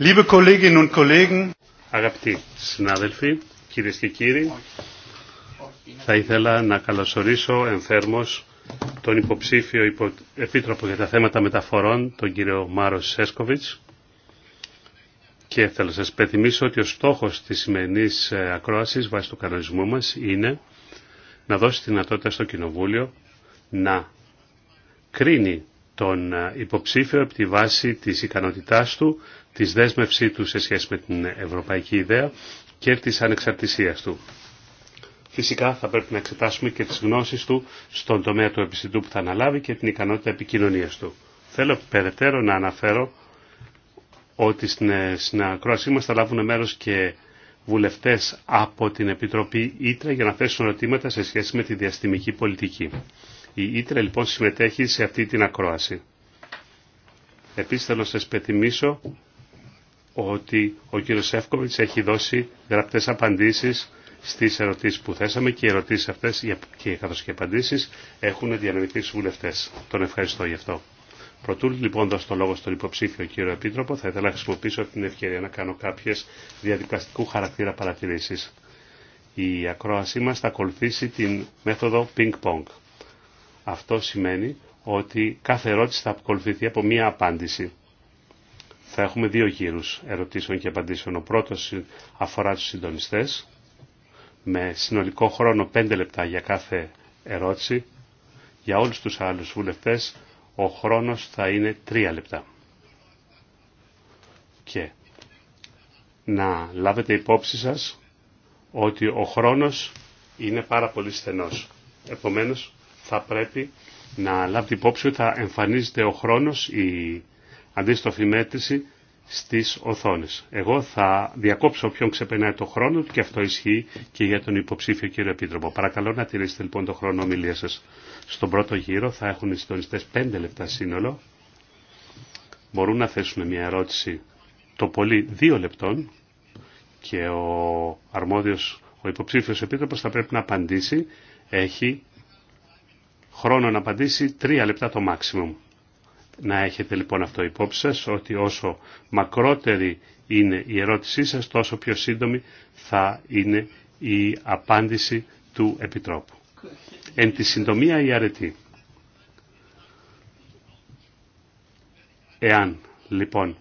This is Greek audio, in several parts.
Liebe Kolleginnen und Kollegen, αγαπητοί συνάδελφοι, κυρίες και κύριοι, θα ήθελα να καλωσορίσω ενθέρμως τον υποψήφιο υπο... Επίτροπο για τα θέματα μεταφορών, τον κύριο Μάρο Σέσκοβιτς. Και θέλω να σας ότι ο στόχος της σημερινής ε, ακρόασης βάσει του κανονισμού μας είναι να δώσει τη δυνατότητα στο Κοινοβούλιο να κρίνει τον ε, υποψήφιο από τη βάση της ικανότητάς του, της δέσμευσή του σε σχέση με την ευρωπαϊκή ιδέα και της ανεξαρτησίας του. Φυσικά θα πρέπει να εξετάσουμε και τις γνώσεις του στον τομέα του επιστητού που θα αναλάβει και την ικανότητα επικοινωνίας του. Θέλω περαιτέρω να αναφέρω ότι στην ε, ακρόασή μας θα λάβουν μέρος και βουλευτές από την Επιτροπή Ήτρα για να θέσουν ερωτήματα σε σχέση με τη διαστημική πολιτική. Η Ήτρε λοιπόν συμμετέχει σε αυτή την ακρόαση. Επίσης θέλω να σας πεθυμίσω ότι ο κύριος Σεύκοβιτς έχει δώσει γραπτές απαντήσεις στις ερωτήσεις που θέσαμε και οι ερωτήσεις αυτές και οι καθώς και απαντήσεις έχουν διανοηθεί στους βουλευτές. Τον ευχαριστώ γι' αυτό. Προτού λοιπόν δώσω το λόγο στον υποψήφιο κύριο Επίτροπο, θα ήθελα να χρησιμοποιήσω την ευκαιρία να κάνω κάποιε διαδικαστικού χαρακτήρα παρατηρήσει. Η ακρόασή μα θα ακολουθήσει την μέθοδο ping-pong. Αυτό σημαίνει ότι κάθε ερώτηση θα ακολουθηθεί από μία απάντηση. Θα έχουμε δύο γύρους ερωτήσεων και απαντήσεων. Ο πρώτος αφορά τους συντονιστές, με συνολικό χρόνο 5 λεπτά για κάθε ερώτηση. Για όλους τους άλλους βουλευτές ο χρόνος θα είναι 3 λεπτά. Και να λάβετε υπόψη σας ότι ο χρόνος είναι πάρα πολύ στενός. Επομένως, θα πρέπει να λάβετε υπόψη ότι θα εμφανίζεται ο χρόνος, η αντίστοφη μέτρηση στις οθόνες. Εγώ θα διακόψω όποιον ξεπερνάει το χρόνο και αυτό ισχύει και για τον υποψήφιο κύριο Επίτροπο. Παρακαλώ να τηρήσετε λοιπόν το χρόνο ομιλία σας. Στον πρώτο γύρο θα έχουν οι συντονιστές 5 λεπτά σύνολο. Μπορούν να θέσουν μια ερώτηση το πολύ 2 λεπτών και ο αρμόδιος, ο υποψήφιος επίτροπος θα πρέπει να απαντήσει. Έχει χρόνο να απαντήσει τρία λεπτά το maximum. Να έχετε λοιπόν αυτό υπόψη σας, ότι όσο μακρότερη είναι η ερώτησή σας, τόσο πιο σύντομη θα είναι η απάντηση του Επιτρόπου. Εν τη συντομία η αρετή. Εάν λοιπόν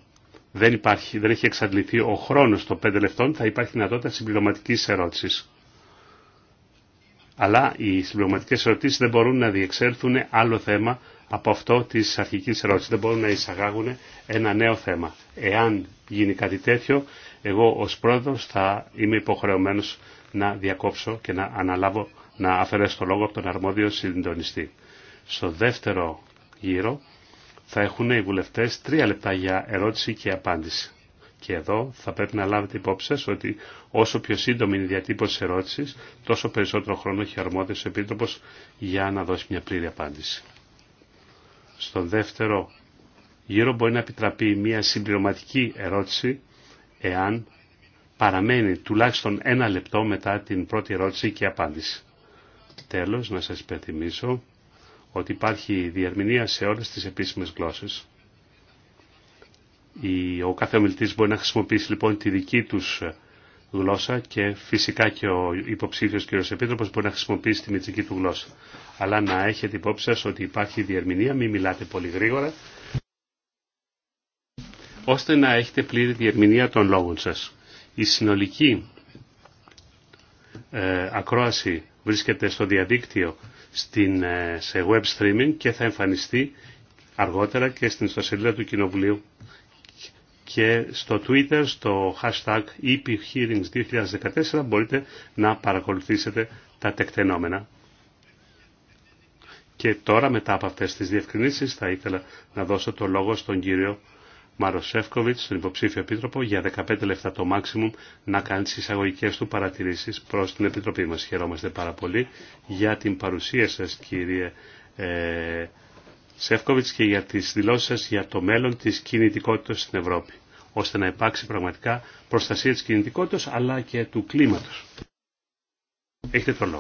δεν, υπάρχει, δεν έχει εξαντληθεί ο χρόνος των πέντε λεπτών, θα υπάρχει δυνατότητα συμπληρωματικής ερώτησης. Αλλά οι συμπληρωματικέ ερωτήσει δεν μπορούν να διεξέλθουν άλλο θέμα από αυτό τη αρχική ερώτηση. Δεν μπορούν να εισαγάγουν ένα νέο θέμα. Εάν γίνει κάτι τέτοιο, εγώ ω πρόεδρο θα είμαι υποχρεωμένο να διακόψω και να αναλάβω να αφαιρέσω το λόγο από τον αρμόδιο συντονιστή. Στο δεύτερο γύρο θα έχουν οι βουλευτές τρία λεπτά για ερώτηση και απάντηση. Και εδώ θα πρέπει να λάβετε υπόψη σας ότι όσο πιο σύντομη είναι η διατύπωση ερώτησης, τόσο περισσότερο χρόνο έχει αρμόδιος ο Επίτροπος για να δώσει μια πλήρη απάντηση. Στον δεύτερο γύρο μπορεί να επιτραπεί μια συμπληρωματική ερώτηση εάν παραμένει τουλάχιστον ένα λεπτό μετά την πρώτη ερώτηση και απάντηση. Τέλος, να σας υπενθυμίσω ότι υπάρχει διερμηνία σε όλες τις επίσημες γλώσσες. Ο κάθε ομιλητής μπορεί να χρησιμοποιήσει λοιπόν τη δική τους γλώσσα και φυσικά και ο υποψήφιος κ. Επίτροπος μπορεί να χρησιμοποιήσει τη μητρική του γλώσσα. Αλλά να έχετε υπόψη σας ότι υπάρχει διερμηνία, μην μιλάτε πολύ γρήγορα, ώστε να έχετε πλήρη διερμηνία των λόγων σας. Η συνολική ε, ακρόαση βρίσκεται στο διαδίκτυο στην, ε, σε web streaming και θα εμφανιστεί αργότερα και στην ιστοσελίδα του Κοινοβουλίου και στο Twitter, στο hashtag EPHearings2014 μπορείτε να παρακολουθήσετε τα τεκτενόμενα. Και τώρα μετά από αυτές τις διευκρινήσεις θα ήθελα να δώσω το λόγο στον κύριο Μαροσεύκοβιτς, τον υποψήφιο επίτροπο, για 15 λεπτά το maximum να κάνει τις εισαγωγικές του παρατηρήσεις προς την Επιτροπή μας. Χαιρόμαστε πάρα πολύ για την παρουσία σας κύριε ε, Σεύκοβιτς και για τις δηλώσεις σας για το μέλλον της κινητικότητας στην Ευρώπη, ώστε να υπάρξει πραγματικά προστασία της κινητικότητας αλλά και του κλίματος. Έχετε το λόγο.